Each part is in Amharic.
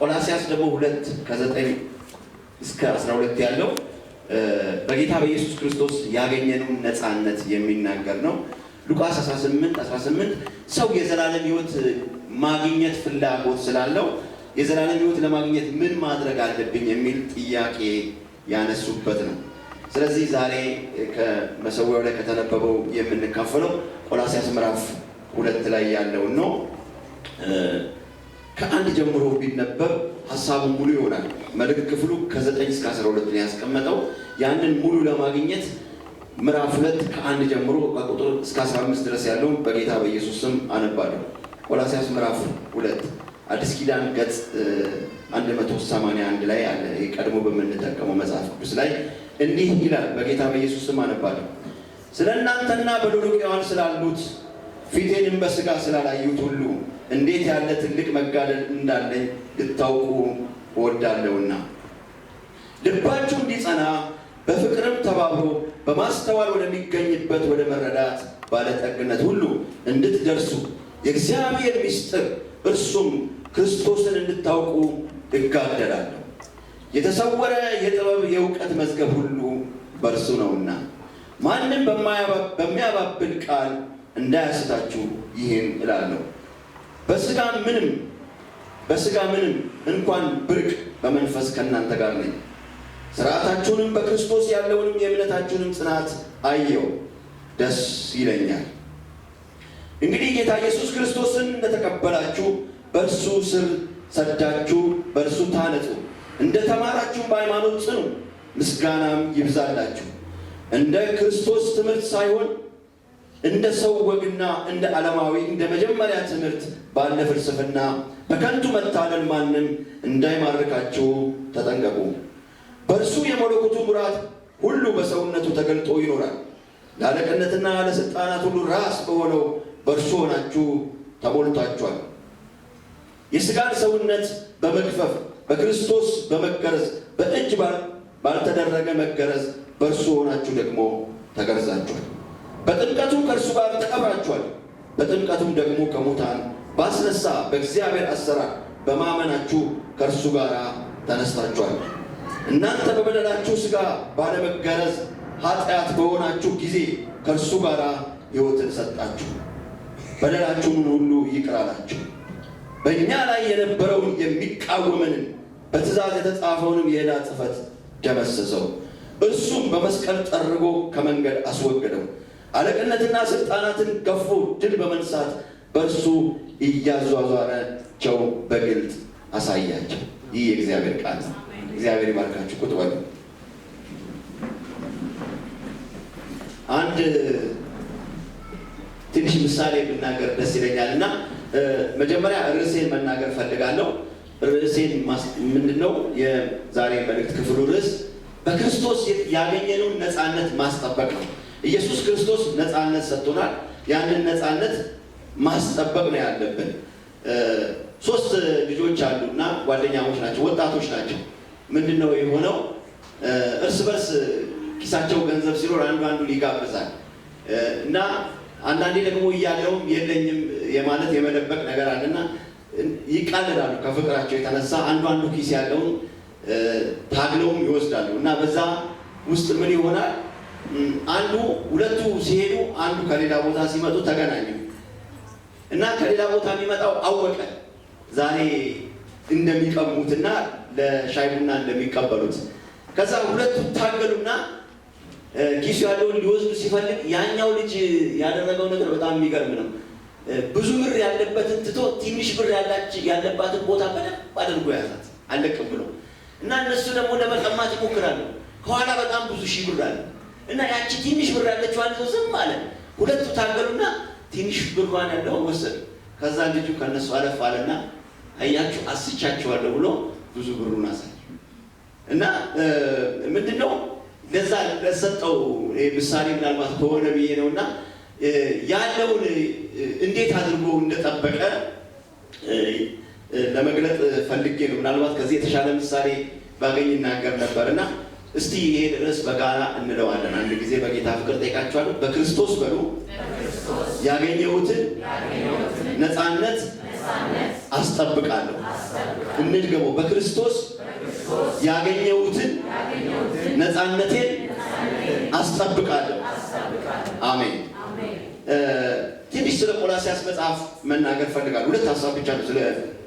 ቆላሲያስ ደግሞ ሁለት ከዘጠኝ እስከ አስራ ሁለት ያለው በጌታ በኢየሱስ ክርስቶስ ያገኘነውን ነፃነት የሚናገር ነው። ሉቃስ 18 18 ሰው የዘላለም ሕይወት ማግኘት ፍላጎት ስላለው የዘላለም ሕይወት ለማግኘት ምን ማድረግ አለብኝ የሚል ጥያቄ ያነሱበት ነው። ስለዚህ ዛሬ ከመሰዊያው ላይ ከተነበበው የምንካፈለው ቆላሲያስ ምዕራፍ ሁለት ላይ ያለውን ነው። ከአንድ ጀምሮ ቢነበብ ሀሳቡ ሙሉ ይሆናል። መልእክት ክፍሉ ከዘጠኝ እስከ አስራ ሁለት ነው ያስቀመጠው። ያንን ሙሉ ለማግኘት ምዕራፍ ሁለት ከአንድ ጀምሮ ከቁጥር እስከ አስራ አምስት ድረስ ያለውን በጌታ በኢየሱስ ስም አነባለሁ። ቆላሲያስ ምዕራፍ ሁለት አዲስ ኪዳን ገጽ 181 ላይ አለ። ቀድሞ በምንጠቀመው መጽሐፍ ቅዱስ ላይ እንዲህ ይላል። በጌታ በኢየሱስ ስም አነባለሁ። ስለ እናንተና በሎዶቅያዋን ስላሉት ፊቴንም በስጋ ስላላዩት ሁሉ እንዴት ያለ ትልቅ መጋደል እንዳለኝ ልታውቁ እወዳለሁና ልባችሁ እንዲጸና በፍቅርም ተባብሮ በማስተዋል ወደሚገኝበት ወደ መረዳት ባለጠግነት ሁሉ እንድትደርሱ የእግዚአብሔር ምስጢር እርሱም ክርስቶስን እንድታውቁ እጋደላለሁ። የተሰወረ የጥበብ የእውቀት መዝገብ ሁሉ በእርሱ ነውና ማንም በሚያባብል ቃል እንዳያስታችሁ ይህን እላለሁ። በስጋ ምንም በስጋ ምንም እንኳን ብርቅ በመንፈስ ከእናንተ ጋር ነኝ። ስርዓታችሁንም በክርስቶስ ያለውንም የእምነታችሁንም ጽናት አየው፣ ደስ ይለኛል። እንግዲህ ጌታ ኢየሱስ ክርስቶስን እንደተቀበላችሁ በእርሱ ስር ሰዳችሁ በእርሱ ታነጹ፣ እንደ ተማራችሁ በሃይማኖት ጽኑ፣ ምስጋናም ይብዛላችሁ። እንደ ክርስቶስ ትምህርት ሳይሆን እንደ ሰው ወግና እንደ ዓለማዊ እንደ መጀመሪያ ትምህርት ባለ ፍልስፍና በከንቱ መታለል ማንም እንዳይማርካችሁ ተጠንቀቁ። በእርሱ የመለኮቱ ምራት ሁሉ በሰውነቱ ተገልጦ ይኖራል። ለአለቅነትና ለስልጣናት ሁሉ ራስ በሆነው በእርሱ ሆናችሁ ተሞልታችኋል። የስጋን ሰውነት በመግፈፍ በክርስቶስ በመገረዝ በእጅ ባልተደረገ መገረዝ በእርሱ ሆናችሁ ደግሞ ተገርዛችኋል። በጥምቀቱም ከእርሱ ጋር ተቀብራችኋል። በጥምቀቱም ደግሞ ከሙታን ባስነሳ በእግዚአብሔር አሰራር በማመናችሁ ከእርሱ ጋር ተነስታችኋል። እናንተ በበደላችሁ ሥጋ ባለመገረዝ ኃጢአት በሆናችሁ ጊዜ ከእርሱ ጋር ሕይወትን ሰጣችሁ፣ በደላችሁን ሁሉ ይቅር አላችሁ። በእኛ ላይ የነበረውን የሚቃወመንን በትእዛዝ የተጻፈውንም የዕዳ ጽሕፈት ደመሰሰው፣ እርሱም በመስቀል ጠርጎ ከመንገድ አስወገደው። አለቅነትና ሥልጣናትን ገፎ ድል በመንሳት በእርሱ እያዟዟረቸው በግልጽ አሳያቸው። ይህ የእግዚአብሔር ቃል ነው። እግዚአብሔር ይባርካችሁ። ቁጥ አንድ ትንሽ ምሳሌ ብናገር ደስ ይለኛል እና መጀመሪያ ርዕሴን መናገር ፈልጋለሁ። ርዕሴን ምንድነው? የዛሬ መልእክት ክፍሉ ርዕስ በክርስቶስ ያገኘነውን ነፃነት ማስጠበቅ ነው። ኢየሱስ ክርስቶስ ነፃነት ሰጥቶናል። ያንን ነፃነት ማስጠበቅ ነው ያለብን። ሶስት ልጆች አሉና ጓደኛሞች ናቸው፣ ወጣቶች ናቸው። ምንድን ነው የሆነው? እርስ በርስ ኪሳቸው ገንዘብ ሲኖር አንዱ አንዱ ሊጋብዛል እና አንዳንዴ ደግሞ እያለውም የለኝም የማለት የመደበቅ ነገር አለና ይቃልላሉ ከፍቅራቸው የተነሳ አንዱ አንዱ ኪስ ያለውን ታግለውም ይወስዳሉ እና በዛ ውስጥ ምን ይሆናል? አንዱ ሁለቱ ሲሄዱ አንዱ ከሌላ ቦታ ሲመጡ ተገናኙ። እና ከሌላ ቦታ የሚመጣው አወቀ ዛሬ እንደሚቀሙትና ለሻይ ቡና እንደሚቀበሉት። ከዛ ሁለቱ ታገሉና ኪሱ ያለውን ሊወስዱ ሲፈልግ ያኛው ልጅ ያደረገው ነገር በጣም የሚገርም ነው። ብዙ ብር ያለበትን ትቶ ትንሽ ብር ያለባትን ቦታ በደንብ አድርጎ ያዛት አለቅም ብሎ እና እነሱ ደግሞ ለመቀማት ይሞክራሉ። ከኋላ በጣም ብዙ ሺህ ብር አለ እና ያቺ ትንሽ ብር ያለችዋን ዝም አለ። ሁለቱ ታገሉና ትንሽ ብሯን ያለው ወሰድ። ከዛ ልጁ ከነሱ አለፍ አለና አያችሁ አስቻቸዋለሁ ብሎ ብዙ ብሩን አሳየ። እና ምንድነው ለዛ ለሰጠው ምሳሌ ምናልባት ከሆነ ብዬ ነው እና ያለውን እንዴት አድርጎ እንደጠበቀ ለመግለጥ ፈልጌ ነው። ምናልባት ከዚህ የተሻለ ምሳሌ ባገኝ እናገር ነበር እና እስቲ ይሄ ርዕስ በጋራ እንለዋለን። አንድ ጊዜ በጌታ ፍቅር ጠይቃችኋለሁ። በክርስቶስ በሉ ያገኘሁትን ነፃነት አስጠብቃለሁ። እንድገመው፣ በክርስቶስ ያገኘሁትን ነፃነቴን አስጠብቃለሁ። አሜን። ትንሽ ስለ ቆላሲያስ መጽሐፍ መናገር ፈልጋለሁ። ሁለት ሀሳብ ብቻ ነው ስለ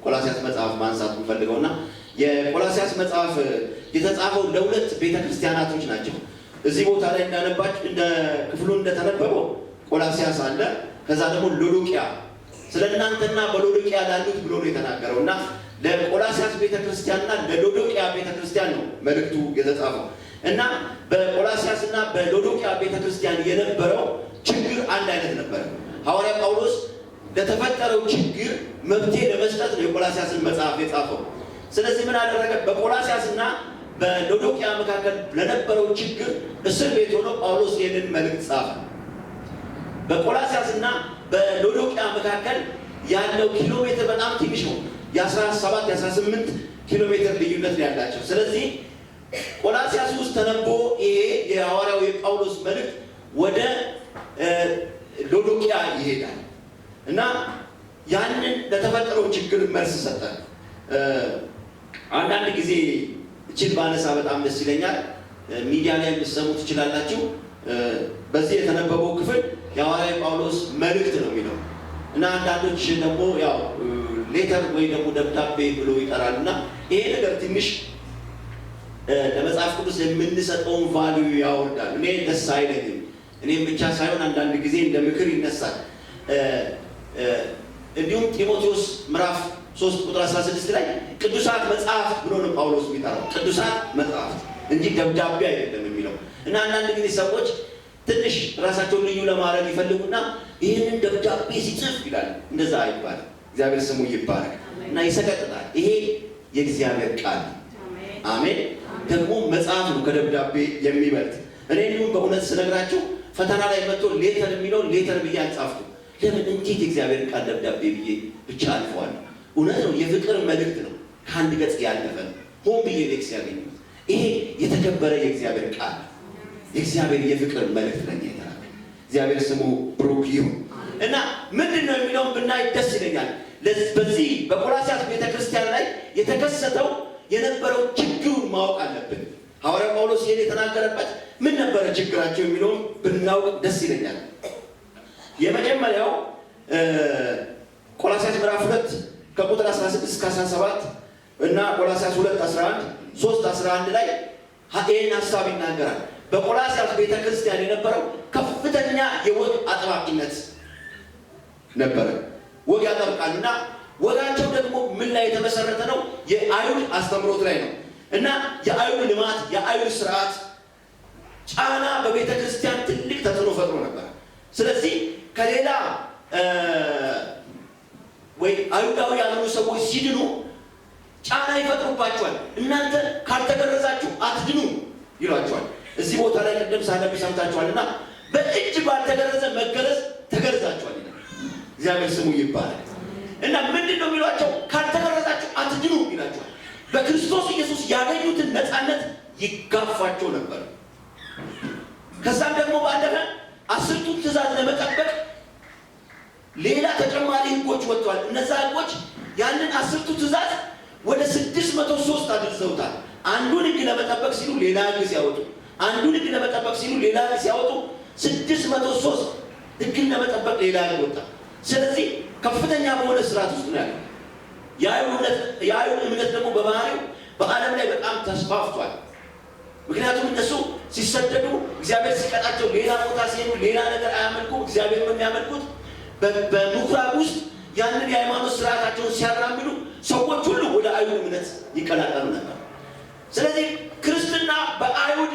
ቆላሲያስ መጽሐፍ ማንሳት የምፈልገው እና የቆላሲያስ መጽሐፍ የተጻፈው ለሁለት ቤተ ክርስቲያናቶች ናቸው። እዚህ ቦታ ላይ እንዳነባች እንደ ክፍሉ እንደተነበበው ቆላሲያስ አለ። ከዛ ደግሞ ሎዶቅያ ስለ እናንተና በሎዶቅያ ላሉት ብሎ ነው የተናገረው እና ለቆላሲያስ ቤተክርስቲያንና ለሎዶቅያ ቤተክርስቲያን ነው መልእክቱ የተጻፈው እና በቆላሲያስና በሎዶቅያ ቤተክርስቲያን የነበረው ችግር አንድ አይነት ነበረ። ሐዋርያ ጳውሎስ ለተፈጠረው ችግር መፍትሄ ለመስጠት ነው የቆላሲያስን መጽሐፍ የጻፈው። ስለዚህ ምን አደረገ? በቆላሲያስና በሎዶቅያ መካከል ለነበረው ችግር እስር ቤት ሆኖ ጳውሎስ ይህንን መልእክት ጻፈ። በቆላሲያስ እና በሎዶቅያ መካከል ያለው ኪሎ ሜትር በጣም ትንሽ ነው። የ17 የ18 ኪሎ ሜትር ልዩነት ነው ያላቸው። ስለዚህ ቆላሲያስ ውስጥ ተነቦ ይሄ የሐዋርያው የጳውሎስ መልእክት ወደ ሎዶቅያ ይሄዳል እና ያንን ለተፈጠረው ችግር መልስ ሰጠ። አንዳንድ ጊዜ እችን ባነሳ በጣም ደስ ይለኛል። ሚዲያ ላይ የምትሰሙ ትችላላችሁ። በዚህ የተነበበው ክፍል የሐዋርያ ጳውሎስ መልእክት ነው የሚለው እና አንዳንዶች ደግሞ ያው ሌተር ወይ ደግሞ ደብዳቤ ብሎ ይጠራል እና ይሄ ነገር ትንሽ ለመጽሐፍ ቅዱስ የምንሰጠውን ቫልዩ ያወርዳል። እኔ ደስ አይለኝም። እኔም ብቻ ሳይሆን አንዳንድ ጊዜ እንደ ምክር ይነሳል። እንዲሁም ጢሞቴዎስ ምዕራፍ 3 ቁጥር 16 ላይ ቅዱሳት መጽሐፍት ብሎ ነው ጳውሎስ የሚጠራው ቅዱሳት መጽሐፍት እንጂ ደብዳቤ አይደለም የሚለው እና አንዳንድ ጊዜ ሰዎች ትንሽ ራሳቸውን ልዩ ለማድረግ ይፈልጉና ይህንን ደብዳቤ ሲጽፍ ይላል። እንደዛ ይባል እግዚአብሔር ስሙ ይባረክ እና ይሰቀጥጣል። ይሄ የእግዚአብሔር ቃል አሜን። ደግሞ መጽሐፍ ነው ከደብዳቤ የሚበልጥ። እኔ እንዲሁም በእውነት ስነግራችሁ ፈተና ላይ መጥቶ ሌተር የሚለውን ሌተር ብዬ አልጻፍኩም። ለምን? እንዴት የእግዚአብሔር ቃል ደብዳቤ ብዬ ብቻ አልፈዋል። እውነት ነው፣ የፍቅር መልእክት ነው። ከአንድ ገጽ ያለፈ ሆን ብዬ ሌክስ ያገኙት ይሄ የተከበረ የእግዚአብሔር ቃል ነው። የእግዚአብሔር የፍቅር መልእክት ነኝ ይላል። እግዚአብሔር ስሙ ብሩክ ይሁን እና ምንድን ነው የሚለውን ብናይ ደስ ይለኛል። በዚህ በቆላሲያስ ቤተክርስቲያን ላይ የተከሰተው የነበረው ችግሩን ማወቅ አለብን። ሐዋርያ ጳውሎስ ይህን የተናገረበት ምን ነበረ ችግራቸው የሚለውን ብናውቅ ደስ ይለኛል። የመጀመሪያው ቆላሲያስ ምዕራፍ ሁለት ከቁጥር 16 እስከ 17 እና ቆላሲያስ 2 11 3 11 ላይ ይህን ሀሳብ ይናገራል። በቆላስያስ ቤተ ክርስቲያን የነበረው ከፍተኛ የወግ አጥባቂነት ነበረ። ወግ ያጠብቃል እና ወጋቸው ደግሞ ምን ላይ የተመሰረተ ነው? የአይሁድ አስተምሮት ላይ ነው እና የአይሁድ ልማት፣ የአይሁድ ስርዓት ጫና በቤተ ክርስቲያን ትልቅ ተጽዕኖ ፈጥሮ ነበር። ስለዚህ ከሌላ ወይ አይሁዳዊ ያልሆኑ ሰዎች ሲድኑ ጫና ይፈጥሩባቸዋል። እናንተ ካልተገረዛችሁ አትድኑ ይሏቸዋል። እዚህ ቦታ ላይ ቅድም ሳነብ ሰምታችኋል እና በእጅ ባልተገረዘ መገረዝ ተገርዛችኋል ይላል። እግዚአብሔር ስሙ ይባላል። እና ምንድን ነው የሚሏቸው? ካልተገረዛችሁ አትድኑ ይላቸዋል። በክርስቶስ ኢየሱስ ያገኙትን ነፃነት ይጋፋቸው ነበር። ከዛም ደግሞ ባለፈ አስርቱን ትእዛዝ ለመጠበቅ ሌላ ተጨማሪ ህጎች ወጥተዋል። እነዛ ህጎች ያንን አስርቱ ትእዛዝ ወደ ስድስት መቶ ሶስት አድርሰውታል። አንዱን ህግ ለመጠበቅ ሲሉ ሌላ ህግ ሲያወጡ አንዱ ህግ ለመጠበቅ ሲሉ ሌላ ሲያወጡ ስድስት መቶ ሶስት ህግን ለመጠበቅ ሌላ ወጣ። ስለዚህ ከፍተኛ በሆነ ስርዓት ውስጥ ነው ያለው። የአይሁድ እምነት ደግሞ በባህሪው በዓለም ላይ በጣም ተስፋፍቷል። ምክንያቱም እነሱ ሲሰደዱ እግዚአብሔር ሲቀጣቸው ሌላ ቦታ ሲሄዱ ሌላ ነገር አያመልኩ። እግዚአብሔር የሚያመልኩት በምኩራብ ውስጥ ያንን የሃይማኖት ስርዓታቸውን ሲያራምዱ ሰዎች ሁሉ ወደ አይሁድ እምነት ይቀላቀሉ ነበር። ስለዚህ ክርስትና በአይሁድ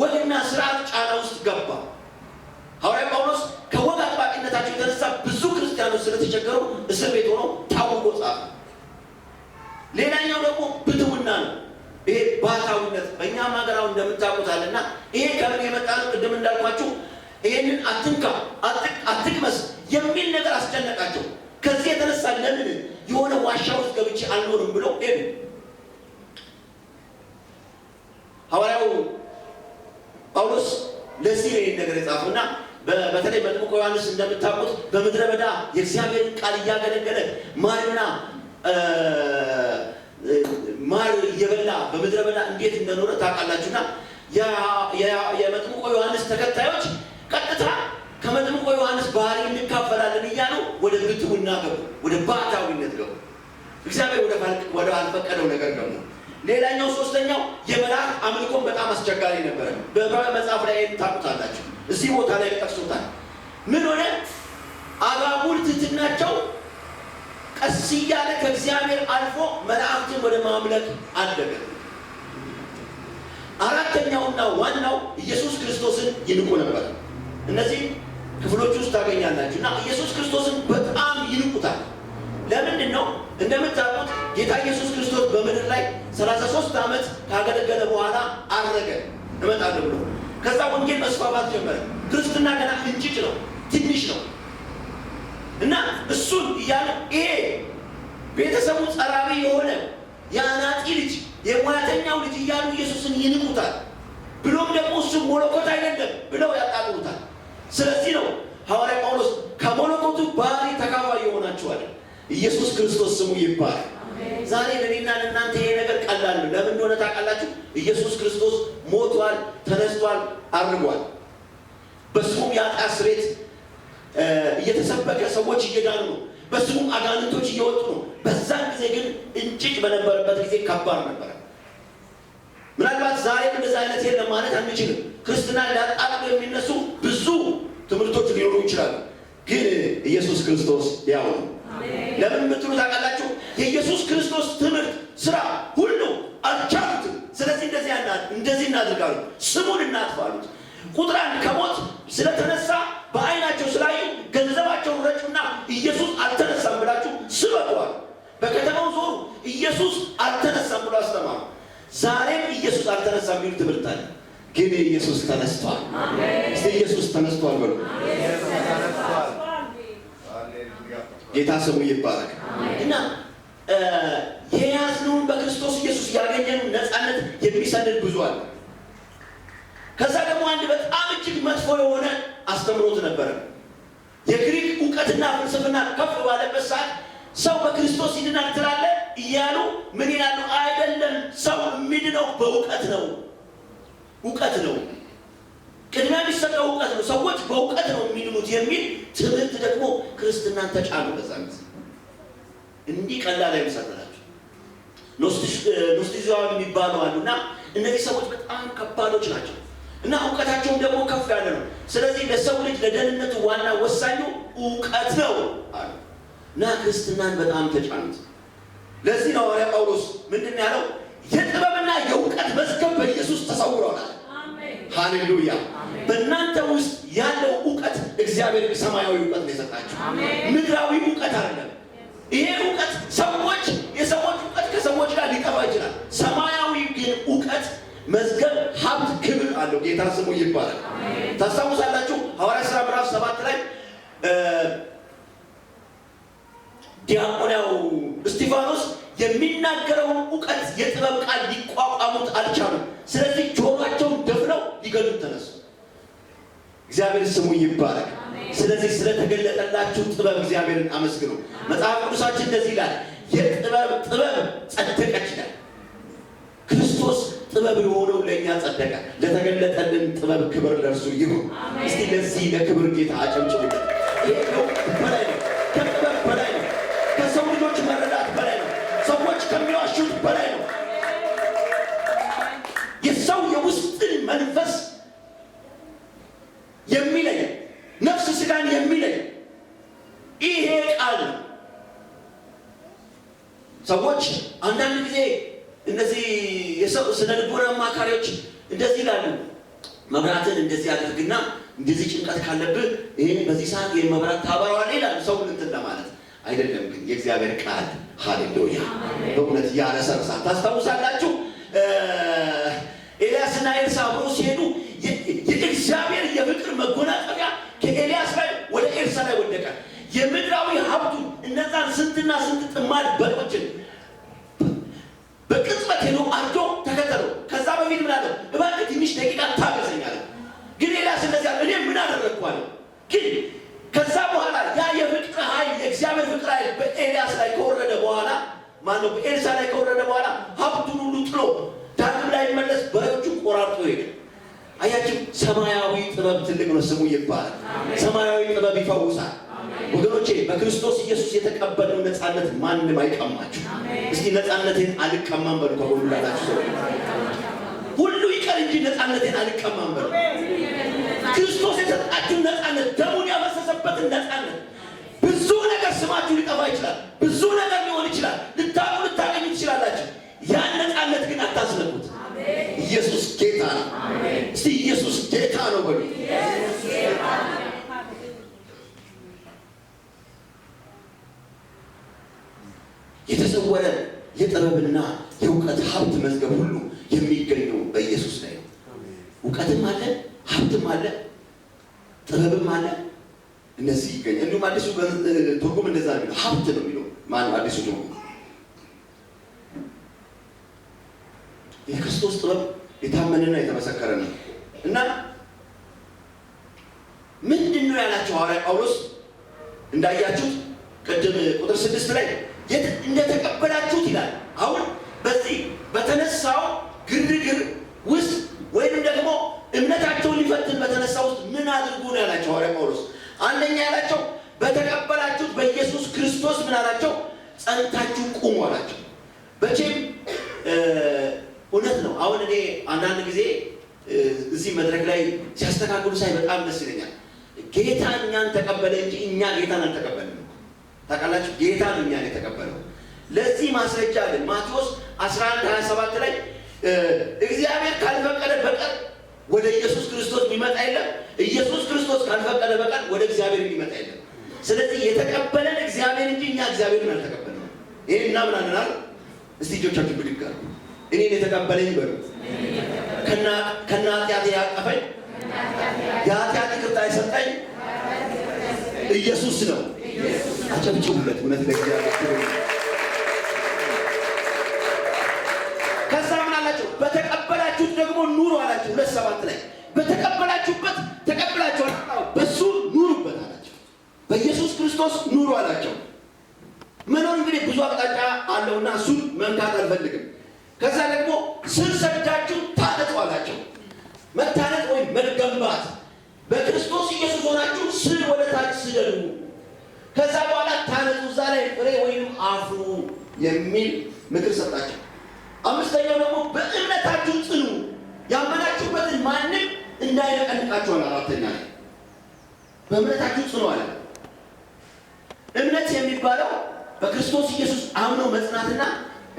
ወግና ስርዓት ጫና ውስጥ ገባ። ሐዋርያ ጳውሎስ ከወግ አጥባቂነታቸው የተነሳ ብዙ ክርስቲያኖች ስለተቸገሩ እስር ቤት ሆኖ ታውቆ ጻፈ። ሌላኛው ደግሞ ብትውና ነው። ይሄ ባህታዊነት በእኛ ሀገር አሁን ይሄ ከምን የመጣ ነው? ቅድም እንዳልኳችሁ ይሄንን አትንካ፣ አትቅመስ የሚል ነገር አስጨነቃቸው። ከዚህ የተነሳ ለምን የሆነ ዋሻ ውስጥ ገብቼ አልኖርም ብለው ሄዱ። ሐዋርያው ጳውሎስ ለዚህ ነው ይህን ነገር የጻፈውና በተለይ መጥምቁ ዮሐንስ እንደምታውቁት በምድረ በዳ የእግዚአብሔርን ቃል እያገለገለ ማርና ማር እየበላ በምድረ በዳ እንዴት እንደኖረ ታውቃላችሁና የመጥሙቆ ዮሐንስ ተከታዮች ቀጥታ ከመጥሙቆ ዮሐንስ ባህሪ እንካፈላለን እያሉ ወደ ብልትውና ገቡ። ወደ ባሕታዊነት ገቡ። እግዚአብሔር ወደ አልፈቀደው ነገር ነው። ሌላኛው ሶስተኛው የመልአክ አምልኮን በጣም አስቸጋሪ ነበረ። በዕብራውያን መጽሐፍ ላይ ታቁታላችሁ። እዚህ ቦታ ላይ ጠቅሶታል። ምን ሆነ? አባቡል ትትናቸው ቀስ እያለ ከእግዚአብሔር አልፎ መላእክትን ወደ ማምለክ አደገ። አራተኛውና ዋናው ኢየሱስ ክርስቶስን ይንቁ ነበር። እነዚህ ክፍሎች ውስጥ ታገኛላችሁ። እና ኢየሱስ ክርስቶስን በጣም ይንቁታል። ለምንድን ነው? እንደምታውቁት ጌታ ኢየሱስ ክርስቶስ ምድር ላይ 33 ዓመት ካገለገለ በኋላ አረገ። እመጣለሁ ብሎ ከዛ ወንጌል መስፋፋት ጀመረ። ክርስትና ገና እንጭጭ ነው፣ ትንሽ ነው እና እሱን እያለ ይሄ ቤተሰቡ ጸራቢ የሆነ የአናጢ ልጅ የሙያተኛው ልጅ እያሉ ኢየሱስን ይንቁታል። ብሎም ደግሞ እሱ ሞለኮት አይደለም ብለው ያጣጥሉታል። ስለዚህ ነው ሐዋርያ ጳውሎስ ከሞለኮቱ ባህሪ ተካፋይ የሆናችኋል። ኢየሱስ ክርስቶስ ስሙ ይባላል። ዛሬ ለእኔና ለእናንተ ይሄ ነገር ቀላል ነው። ለምን እንደሆነ ታውቃላችሁ? ኢየሱስ ክርስቶስ ሞቷል፣ ተነስቷል፣ አርጓል። በስሙም የኃጢአት ስርየት እየተሰበከ ሰዎች እየዳኑ ነው። በስሙም አጋንንቶች እየወጡ ነው። በዛን ጊዜ ግን እንጭጭ በነበረበት ጊዜ ከባድ ነበረ። ምናልባት ዛሬ እንደዚህ አይነት የለም ማለት አንችልም። ክርስትና ሊያጣሉ የሚነሱ ብዙ ትምህርቶች ሊኖሩ ይችላሉ። ግን ኢየሱስ ክርስቶስ ያው ነው። ለምን ምትሉ ታውቃላችሁ? የኢየሱስ ክርስቶስ ትምህርት፣ ስራ ሁሉ አልቻሉት። ስለዚህ እንደዚህ እንደዚህ እናድርጋሉ፣ ስሙን እናጥፋሉት። ቁጥር አንድ ከሞት ስለተነሳ በአይናቸው ስላዩ ገንዘባቸውን ረጩና ኢየሱስ አልተነሳም ብላችሁ ስበቷል። በከተማው ዞሩ፣ ኢየሱስ አልተነሳም ብሎ አስተማሩ። ዛሬም ኢየሱስ አልተነሳም የሚሉ ትምህርት አለ። ግን ኢየሱስ ተነስቷል። እስቲ ኢየሱስ ተነስቷል በሉ። ጌታ ስሙ ይባረክ እና የያዝነውን በክርስቶስ ኢየሱስ ያገኘነው ነፃነት የሚሰንድ ብዙ አለ። ከዛ ደግሞ አንድ በጣም እጅግ መጥፎ የሆነ አስተምሮት ነበረ። የግሪክ እውቀትና ፍልስፍና ከፍ ባለበት ሰዓት ሰው በክርስቶስ ይድናል ትላለ እያሉ ምን ይላሉ? አይደለም፣ ሰው የሚድነው በእውቀት ነው፣ እውቀት ነው ቅድሚያ የሚሰጠው እውቀት ነው። ሰዎች በእውቀት ነው የሚድኑት የሚል ትምህርት ደግሞ ክርስትናን ተጫኑ። በዛ ጊዜ እንዲህ ቀላል አይመሰላቸው ኖስቲዚዋ የሚባሉ አሉ እና እነዚህ ሰዎች በጣም ከባዶች ናቸው እና እውቀታቸውም ደግሞ ከፍ ያለ ነው። ስለዚህ ለሰው ልጅ ለደህንነቱ ዋና ወሳኙ እውቀት ነው አሉ እና ክርስትናን በጣም ተጫኑት። ለዚህ ነው ሐዋርያ ጳውሎስ ምንድን ያለው የጥበብና የእውቀት መዝገብ በኢየሱስ ተሰውረናል። ሃሌሉያ። በእናንተ ውስጥ ያለው እውቀት እግዚአብሔር ሰማያዊ እውቀት ነው የሰጣችሁ፣ ምድራዊ እውቀት አይደለም። ይሄ እውቀት ሰዎች የሰዎች እውቀት ከሰዎች ጋር ሊጠፋ ይችላል። ሰማያዊ እውቀት መዝገብ፣ ሀብት፣ ክብር አለው። ጌታ ስሙ ይባላል። ታስታውሳላችሁ ሐዋርያት ሥራ ምዕራፍ ሰባት ላይ ዲያቆንያው እስጢፋኖስ የሚናገረውን እውቀት የጥበብ ቃል ሊቋቋሙት አልቻሉም። እግዚአብሔር ስሙ ይባረክ። ስለዚህ ስለተገለጠላችሁ ጥበብ እግዚአብሔርን አመስግኑ። መጽሐፍ ቅዱሳችን እንደዚህ ይላል፣ የጥበብ ጥበብ ጸደቀች ይላል። ክርስቶስ ጥበብ የሆነው ለእኛ ጸደቀ። ለተገለጠልን ጥበብ ክብር ለእርሱ ይሁን። እስቲ ለዚህ ለክብር ጌታ አጨምጭ። በላይ ነው፣ ከጥበብ በላይ ነው፣ ከሰው ልጆች መረዳት በላይ ነው፣ ሰዎች ከሚዋሹት በላይ ነው። የሰው የውስጥን መንፈስ ሰዎች አንዳንድ ጊዜ እነዚህ ስነ ልቦና አማካሪዎች እንደዚህ ይላሉ። መብራትን እንደዚህ አድርግና እንደዚህ ጭንቀት ካለብህ ይህን በዚህ ሰዓት ይህን መብራት ታበራዋለህ ይላሉ። ሰው እንትን ለማለት አይደለም። ግን የእግዚአብሔር ቃል ሃሌሉያ በእውነት ያለሰርሳል። ታስታውሳላችሁ ኤልያስና ኤልሳ አብረው ሲሄዱ የእግዚአብሔር የፍቅር መጎናጸፊያ ከኤልያስ ላይ ወደ ኤልሳ ላይ ወደቀ። የምድራዊ ሀብቱ እነዛን ስንትና ስንት ጥማድ በሮችን በቅጽበት ሄዶ አርዶ ተከተለው። ከዛ በፊት ምን አለው? እባክህ ትንሽ ደቂቃ ታገሰኛለ። ግን ኤልያስ እንደዚያ እኔ ምን አደረግኳለ? ግን ከዛ በኋላ ያ የፍቅር ኃይል የእግዚአብሔር ፍቅር ኃይል በኤልያስ ላይ ከወረደ በኋላ ማነው በኤልሳ ላይ ከወረደ በኋላ ሀብቱን ሁሉ ጥሎ ዳግም ላይ መለስ በእጁ ቆራርጦ ሄደ። አያችሁ፣ ሰማያዊ ጥበብ ትልቅ ነው፣ ስሙ ይባላል። ሰማያዊ ጥበብ ይፈውሳል። ወገኖቼ በክርስቶስ ኢየሱስ የተቀበለው ነፃነት ማንም አይቀማችሁ። እስኪ ነፃነቴን አልቀማም በሉ። ከሁሉ ላላችሁ ሰው ሁሉ ይቀር እንጂ ነፃነቴን አልቀማም በሉ። ክርስቶስ የሰጣችሁ ነፃነት፣ ደሙን ያፈሰሰበትን ነፃነት። ብዙ ነገር ስማችሁ ሊጠፋ ይችላል። ብዙ ነገር ሊሆን ይችላል። ልታቁ ልታ ጌታ ነው። እስቲ ኢየሱስ ጌታ ነው በሉ። የተሰወረ የጥበብና የእውቀት ሀብት መዝገብ ሁሉ የሚገኘው በኢየሱስ ላይ ነው። እውቀትም አለ፣ ሀብትም አለ፣ ጥበብም አለ። እነዚህ ይገኛል። እንዲሁም አዲሱ ትርጉም እንደዛ ነው ሀብት ነው የሚለው ማነው? አዲሱ ትርጉም የክርስቶስ ጥበብ የታመነና የተመሰከረ ነው እና ምንድን ነው ያላቸው ሐዋርያ ጳውሎስ እንዳያችሁት ቅድም ቁጥር ስድስት ላይ እንደተቀበላችሁት ይላል። አሁን በዚህ በተነሳው ግርግር ውስጥ ወይንም ደግሞ እምነታቸውን ሊፈትን በተነሳ ውስጥ ምን አድርጉ ነው ያላቸው ሐዋርያ ጳውሎስ። አንደኛ ያላቸው በተቀበላችሁት በኢየሱስ ክርስቶስ ምን አላቸው? ጸንታችሁ ቁሙ አላቸው። በቼም እውነት ነው። አሁን እኔ አንዳንድ ጊዜ እዚህ መድረክ ላይ ሲያስተካክሉ ሳይ በጣም ደስ ይለኛል። ጌታ እኛን ተቀበለ እንጂ እኛ ጌታን አልተቀበልንም። ታውቃላችሁ፣ ጌታ ነው እኛን የተቀበለው። ለዚህ ማስረጃ ግን ማቴዎስ 11 27 ላይ እግዚአብሔር ካልፈቀደ በቀር ወደ ኢየሱስ ክርስቶስ የሚመጣ የለም፣ ኢየሱስ ክርስቶስ ካልፈቀደ በቀር ወደ እግዚአብሔር የሚመጣ የለም። ስለዚህ የተቀበለን እግዚአብሔር እንጂ እኛ እግዚአብሔርን አልተቀበልንም። ይህ እናምናለን። እስቲ እጆቻችን ብድግ እኔን የተቀበለኝ በሉ ከናጢአቴ ያቀፈኝ የኃጢአት ይቅርታ የሰጠኝ ኢየሱስ ነው። አጨብጭቡለት። እውነት ለእግዚአብሔር ከዛ ምን አላቸው? በተቀበላችሁት ደግሞ ኑሩ አላቸው። ሁለት ሰባት ላይ በተቀበላችሁበት ተቀብላችኋል፣ በሱ ኑሩበት አላቸው። በኢየሱስ ክርስቶስ ኑሩ አላቸው። መኖር እንግዲህ ብዙ አቅጣጫ አለውና እሱን መንካት አልፈልግም። ከዛ ደግሞ ስር ሰዳችሁ ታነጹ አላቸው። መታነጽ ወይም መገንባት በክርስቶስ ኢየሱስ ሆናችሁ ስር ወደ ታች ስደዱ፣ ከዛ በኋላ ታነጹ፣ እዛ ላይ ፍሬ ወይም አፍሩ የሚል ምክር ሰጣቸው። አምስተኛው ደግሞ በእምነታችሁ ጽኑ፣ ያመናችሁበትን ማንም እንዳይነቀንቃችሁ አራተኛ ላይ በእምነታችሁ ጽኑ አለ። እምነት የሚባለው በክርስቶስ ኢየሱስ አምኖ መጽናትና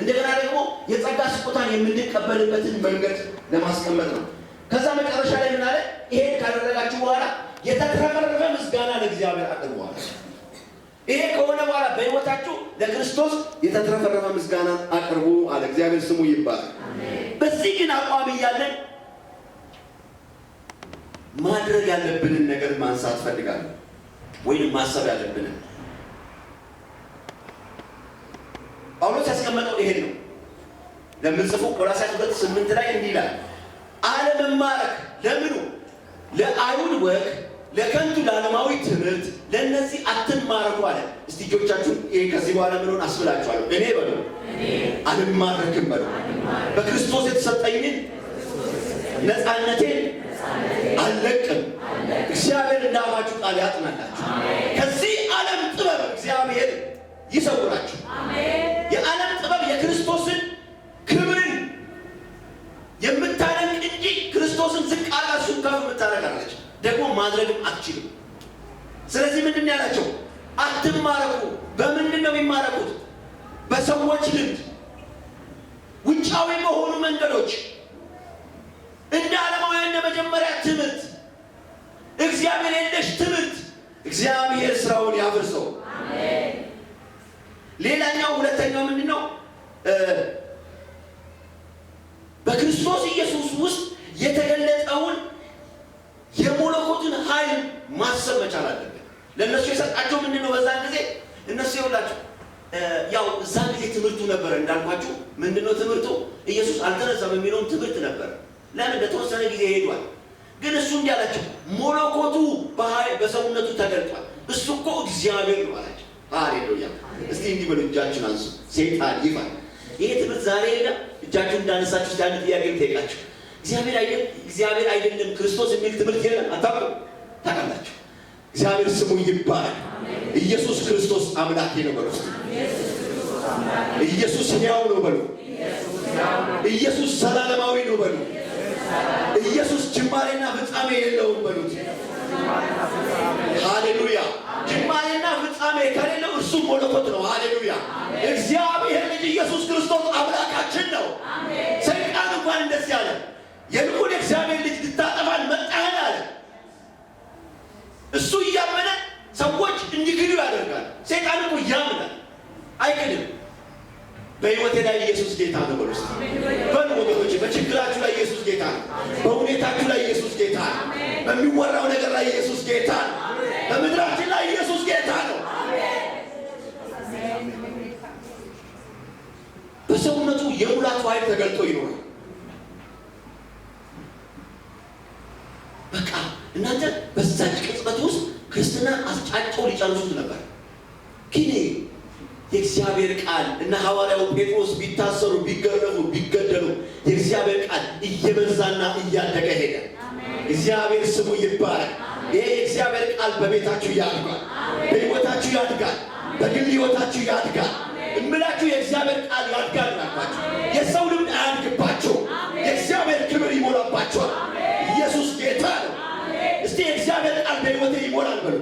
እንደገና ደግሞ የጸጋ ስጦታን የምንቀበልበትን መንገድ ለማስቀመጥ ነው። ከዛ መጨረሻ ላይ ምናለ ይሄን ካደረጋችሁ በኋላ የተትረፈረፈ ምስጋና ለእግዚአብሔር አቅርበዋል። ይሄ ከሆነ በኋላ በህይወታችሁ ለክርስቶስ የተትረፈረፈ ምስጋና አቅርቡ አለ። እግዚአብሔር ስሙ ይባላል። በዚህ ግን አቋም እያለን ማድረግ ያለብንን ነገር ማንሳት ፈልጋለሁ፣ ወይም ማሰብ ያለብንን ጳውሎስ ያስቀመጠው ይሄን ነው። ለምንጽፉ ቆላሳ ሁለት ስምንት ላይ እንዲህ ይላል፣ አለመማረክ ለምኑ ለአይሁድ ወግ፣ ለከንቱ ለዓለማዊ ትምህርት ለእነዚህ አትማረኩ አለ። እስቲ እጆቻችሁን ከዚህ በኋላ ምንሆን አስብላችኋለሁ። እኔ በሉ አልማረክም በሉ በክርስቶስ የተሰጠኝን ነፃነቴን አልለቅም። እግዚአብሔር እንዳባችሁ ቃል ያጥናላችሁ፣ ከዚህ ዓለም ጥበብ እግዚአብሔር ይሰውራችሁ። ጥፋፍ የምታደርጋለች ደግሞ ማድረግም አትችልም። ስለዚህ ምንድን ያላቸው አትማረኩ። በምንድን ነው የሚማረኩት? በሰዎች ልምድ፣ ውጫዊ በሆኑ መንገዶች፣ እንደ ዓለማውያን የመጀመሪያ ትምህርት፣ እግዚአብሔር የለሽ ትምህርት። እግዚአብሔር ስራውን ያፍርሰው። ሌላኛው ሁለተኛው ምንድን ነው? በክርስቶስ ኢየሱስ ውስጥ የተገለጠውን የሞለኮትን ኃይል ማሰብ መቻል አለብን። ለእነሱ የሰጣቸው ምንድን ነው? በዛ ጊዜ እነሱ የውላቸው ያው እዛ ጊዜ ትምህርቱ ነበረ እንዳልኳችሁ። ምንድን ነው ትምህርቱ? ኢየሱስ አልተነሳም የሚለውን ትምህርት ነበር። ለምን በተወሰነ ጊዜ ሄዷል። ግን እሱ እንዲህ አላቸው፣ በሰውነቱ ተገልጧል። እሱ እኮ እግዚአብሔር ነው አላቸው። ሃሌሉያ! እስቲ እንዲህ በሉ እጃችን አንሱ። ሴጣን ይፋል። ይሄ ትምህርት ዛሬ ሄዳ እጃችሁ እንዳነሳችሁ አንድ ጥያቄ ልጠይቃችሁ እግዚአብሔር አይደል እግዚአብሔር አይደለም ክርስቶስ የሚል ትምህርት የለም። አታውቁም፣ ታውቃላችሁ። እግዚአብሔር ስሙ ይባላል። ኢየሱስ ክርስቶስ አምላኬ ነው በሉ። ኢየሱስ ሕያው ነው በሉ። ኢየሱስ ዘላለማዊ ነው በሉ። ኢየሱስ ጅማሬና ፍጻሜ የለውም በሉት። ሃሌሉያ! ጅማሬና ፍጻሜ ከሌለው እርሱ መለኮት ነው። ሃሌሉያ! እግዚአብሔር ልጅ ኢየሱስ ክርስቶስ አምላካችን ነው። 啊，对。እግዚአብሔር ስሙ ይባላል። ይሄ የእግዚአብሔር ቃል በቤታችሁ ያድጋል፣ በሕይወታችሁ ያድጋል፣ በግል ሕይወታችሁ ያድጋል። እምላችሁ የእግዚአብሔር ቃል ያድጋል ናባችሁ። የሰው ልምድ አያድግባቸው፣ የእግዚአብሔር ክብር ይሞላባቸዋል። ኢየሱስ ጌታ ነው። እስቲ የእግዚአብሔር ቃል በሕይወቴ ይሞላል በሉ።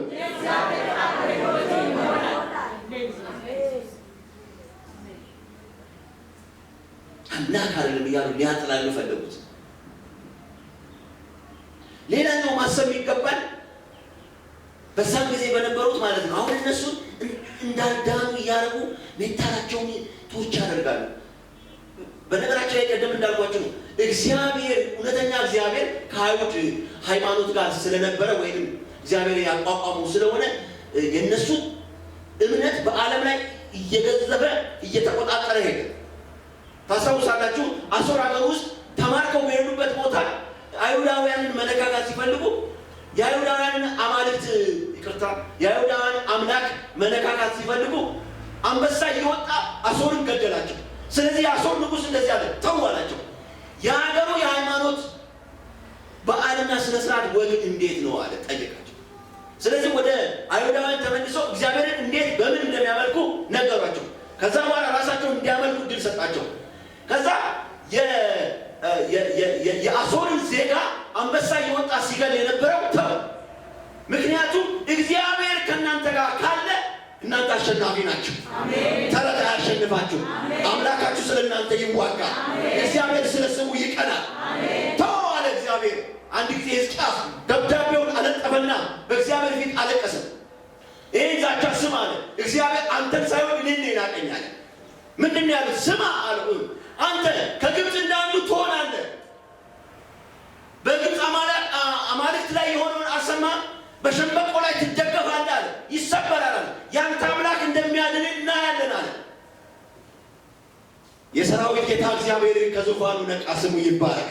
አምላክ አይደለም እያሉ ሊያጥላሉ ፈለጉት። ሌላኛው ማሰብ የሚገባል በዛም ጊዜ በነበሩት ማለት ነው። አሁን እነሱን እንዳዳኑ እያደረጉ ሜታራቸውን ቶች ያደርጋሉ። በነገራቸው ላይ ቀደም እንዳልኳቸው ነው እግዚአብሔር እውነተኛ እግዚአብሔር ከአይሁድ ሃይማኖት ጋር ስለነበረ ወይም እግዚአብሔር ያቋቋሙ ስለሆነ የእነሱ እምነት በዓለም ላይ እየገዘበ እየተቆጣጠረ ሄደ። ታስታውሳላችሁ አሶር ሀገር ውስጥ ተማር የአይሁዳውያን አምላክ መነካካት ሲፈልጉ አንበሳ እየወጣ አሶርን ገደላቸው። ስለዚህ የአሶር ንጉሥ እንደዚህ አለ፣ ተው አላቸው። የሀገሩ የሃይማኖት በዓልና ስነ ስርዓት ወግ እንዴት ነው አለ ጠየቃቸው። ስለዚህ ወደ አይሁዳውያን ተመልሰው እግዚአብሔርን እንዴት በምን እንደሚያመልኩ ነገሯቸው። ከዛ በኋላ ራሳቸውን እንዲያመልኩ እድል ሰጣቸው። ከዛ የአሶርን ዜጋ አንበሳ እየወጣ ሲገል የነበረው ተው ምክንያቱም እግዚአብሔር ከእናንተ ጋር ካለ እናንተ አሸናፊ ናችሁ። ተረት አያሸንፋችሁ። አምላካችሁ ስለ እናንተ ይዋጋ። እግዚአብሔር ስለ ስሙ ይቀናል። ተዋለ እግዚአብሔር አንድ ጊዜ ሕዝቅያስ ደብዳቤውን አለጠፈና በእግዚአብሔር ፊት አለቀሰ። ይህን ዛቻ ስም አለ እግዚአብሔር አንተን ሳይሆን እኔን ነው ምንድን ያሉት? ስማ አልሁ አንተ ከግብፅ እንዳሉ ትሆናለህ። በግብፅ አማልክት ላይ የሆነውን አሰማ በሸንበቆ ላይ ትደገፋለህ አለ። ይሰበራል አለ። ያንተ አምላክ እንደሚያድን እናያለን አለ። የሰራዊት ጌታ እግዚአብሔርን ከዙፋኑ ነቃ፣ ስሙ ይባረክ።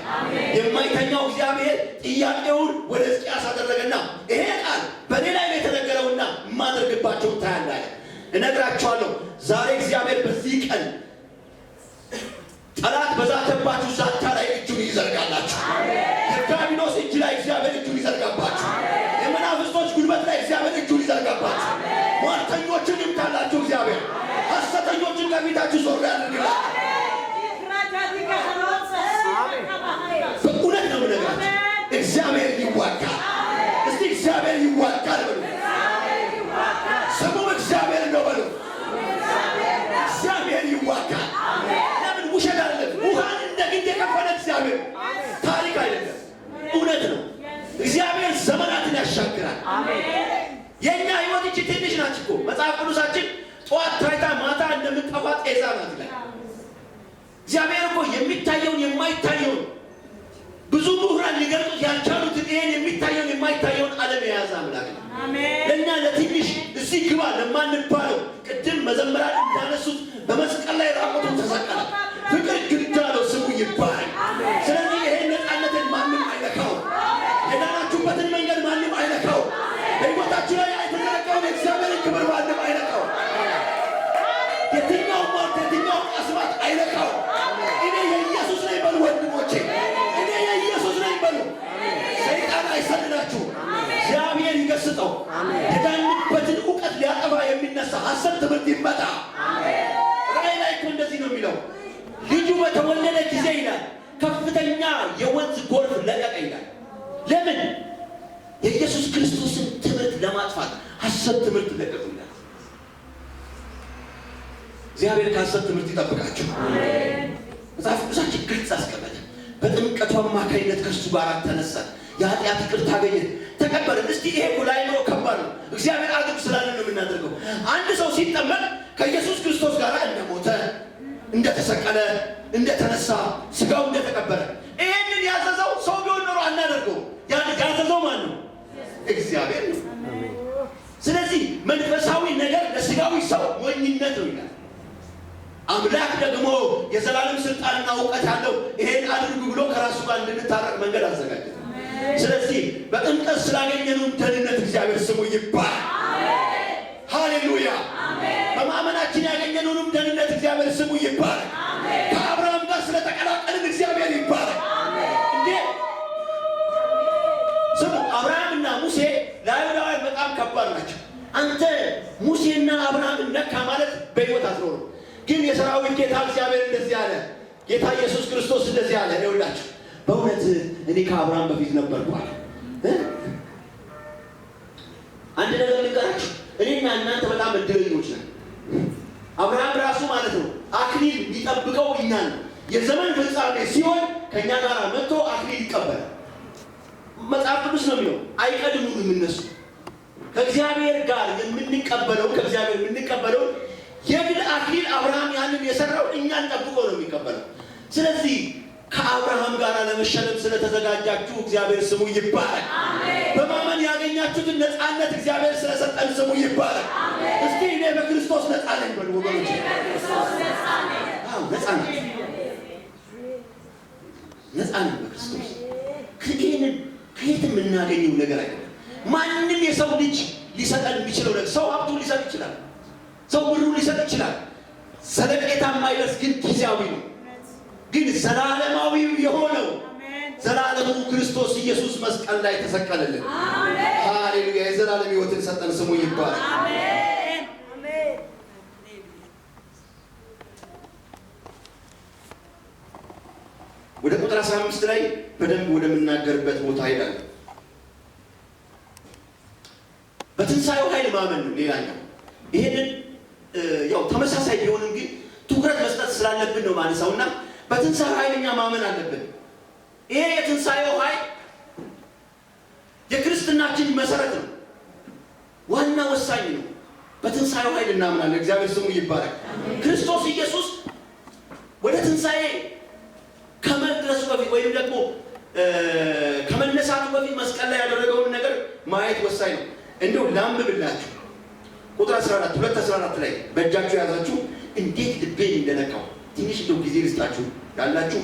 የማይተኛው እግዚአብሔር ጥያቄውን ወደ ሕዝቅያስ አደረገና ይሄ ቃል በእኔ ላይ ነው የተነገረውና የማደርግባቸውን ታያላለ። እነግራቸዋለሁ ዛሬ እግዚአብሔር በዚህ ቀን ጠላት በዛተባችሁ ዛቻ ላይ እጁን ይዘርጋላችሁ። የዳቢሎስ እጅ ላይ እግዚአብሔር እጁን ይዘርጋባችሁ። ጉልበት ላይ እግዚአብሔር እጁን ይዘርጋባት። ሟርተኞችን ይምታላችሁ እግዚአብሔር። ሐሰተኞችን ከፊታችሁ ዞር ያድርግላችሁ። በእውነት ነው የምነግራችሁ፣ እግዚአብሔር ይዋጋል። እስቲ እግዚአብሔር ይዋጋል በሉ። ስሙም እግዚአብሔር ነው በሉ። እግዚአብሔር ይዋጋል። ለምን ውሸት አይደለም። ውሃን እንደ ግንድ የከፈለ እግዚአብሔር ታሪክ አይደለም፣ እውነት ነው። እግዚአብሔር ዘመናትን ያሻግራል። የእኛ ህይወት እቺ ትንሽ ናት እኮ መጽሐፍ ቅዱሳችን ጠዋት ታይታ ማታ እንደምጠፋ ጤዛ ናት ይላል። እግዚአብሔር እኮ የሚታየውን የማይታየውን ብዙ ምሁራን ሊገልጡት ያልቻሉትን ይሄን የሚታየውን የማይታየውን ዓለም የያዘ አምላክ ነው። ለእኛ ለትንሽ እዚህ ግባ ለማንባለው ቅድም መዘመራን እንዳነሱት በመስቀል ላይ ራቁቱን ተሰቀለ። ፍቅር ግዳለው ስሙ ይባላል። ሊያስጠው የዳንበትን እውቀት ሊያጠፋ የሚነሳ ሐሰት ትምህርት ይመጣ። ራእይ ላይ እኮ እንደዚህ ነው የሚለው ልጁ በተወለደ ጊዜ ይላል ከፍተኛ የወንዝ ጎርፍ ለቀቀ ይላል። ለምን? የኢየሱስ ክርስቶስን ትምህርት ለማጥፋት ሐሰት ትምህርት ለቀቁ ይላል። እግዚአብሔር ከሐሰት ትምህርት ይጠብቃችሁ። መጽሐፍ ቅዱሳችን ግልጽ አስቀመጠ። በጥምቀቱ አማካይነት ከእሱ ጋር ተነሳ፣ የኃጢአት ይቅር ታገኘ ተከበርን። እስቲ ይሄ እኮ ለአእምሮ ከባድ ነው። እግዚአብሔር አድርግ ስላለን ነው የምናደርገው። አንድ ሰው ሲጠመቅ ከኢየሱስ ክርስቶስ ጋር እንደሞተ፣ እንደተሰቀለ፣ እንደተነሳ ስጋው እንደተቀበረ ይሄንን ያዘዘው ሰው ቢሆን ኖሮ አናደርገው። ያዘዘው ማን ነው? እግዚአብሔር ነው። ስለዚህ መንፈሳዊ ነገር ለስጋዊ ሰው ሞኝነት ነው ይላል። አምላክ ደግሞ የዘላለም ስልጣንና እውቀት ያለው ይሄን አድርጉ ብሎ ከራሱ ጋር እንድንታረቅ መንገድ አዘጋጀ። ስለዚህ በጥምቀት ስላገኘነው ደህንነት እግዚአብሔር ስሙ ይባል። ሃሌሉያ። በማመናችን ያገኘነውንም ደህንነት እግዚአብሔር ስሙ ይባል። ከአብርሃም ጋር ስለተቀላቀልን እግዚአብሔር ይባል። እንዴ ስሙ አብርሃምና ሙሴ ለአይሁዳውያን በጣም ከባድ ናቸው። አንተ ሙሴና አብርሃም ነካ ማለት በሕይወት አትኖርም። ግን የሰራዊት ጌታ እግዚአብሔር እንደዚህ አለ። ጌታ ኢየሱስ ክርስቶስ እንደዚህ አለ። ይኸውላችሁ በእውነት እኔ ከአብርሃም በፊት ነበርኳል። አንድ ነገር ልንገራችሁ፣ እኔና እናንተ በጣም እድለኞች ነን። አብርሃም ራሱ ማለት ነው አክሊል ሊጠብቀው እኛ ነው። የዘመን ፍጻሜ ሲሆን ከእኛ ጋር መጥቶ አክሊል ይቀበላል። መጽሐፍ ቅዱስ ነው የሚለው፣ አይቀድሙ እነሱ ከእግዚአብሔር ጋር የምንቀበለው ከእግዚአብሔር የምንቀበለው የግል አክሊል አብርሃም ያንን የሰራው እኛን ጠብቆ ነው የሚቀበለው። ስለዚህ ከአብርሃም ጋር ለመሸለም ስለተዘጋጃችሁ እግዚአብሔር ስሙ ይባረክ። በማመን ያገኛችሁትን ነፃነት እግዚአብሔር ስለሰጠን ስሙ ይባረክ። እስቲ እኔ በክርስቶስ ነፃ ነኝ በሉ ወገኖች፣ ነፃ ነኝ፣ ነፃ ነኝ በክርስቶስ። ይህንን ከየት የምናገኘው ነገር አይደለም። ማንም የሰው ልጅ ሊሰጠን የሚችለው ነገር ሰው ሀብቱ ሊሰጥ ይችላል፣ ሰው ብሩ ሊሰጥ ይችላል። ዘለቄታ የማይደርስ ግን ጊዜያዊ ነው። ግን ዘላለማዊው የሆነው ዘላለሙ ክርስቶስ ኢየሱስ መስቀል ላይ ተሰቀለልን። ሃሌሉያ! የዘላለም ሕይወትን ሰጠን። ስሙ ይባል። ወደ ቁጥር 15 ላይ በደንብ ወደምናገርበት ቦታ ይላል። በትንሣኤው ኃይል ማመን ነው ሌላኛው። ይሄንን ያው ተመሳሳይ ቢሆንም ግን ትኩረት መስጠት ስላለብን ነው ማነሳውና በትንሣኤ ኃይል እኛ ማመን አለብን። ይሄ የትንሣኤው ኃይል የክርስትናችን መሰረት ነው። ዋና ወሳኝ ነው። በትንሣኤው ኃይል እናምናለን። እግዚአብሔር ስሙ ይባላል። ክርስቶስ ኢየሱስ ወደ ትንሣኤ ከመድረሱ በፊት ወይም ደግሞ ከመነሳቱ በፊት መስቀል ላይ ያደረገውን ነገር ማየት ወሳኝ ነው። እንደው ላንብብላችሁ ቁጥር 14 ሁለት 14 ላይ በእጃችሁ የያዛችሁ እንዴት ልቤን እንደነቃው ትንሽ እንደው ጊዜ ልስጣችሁ ያላችሁ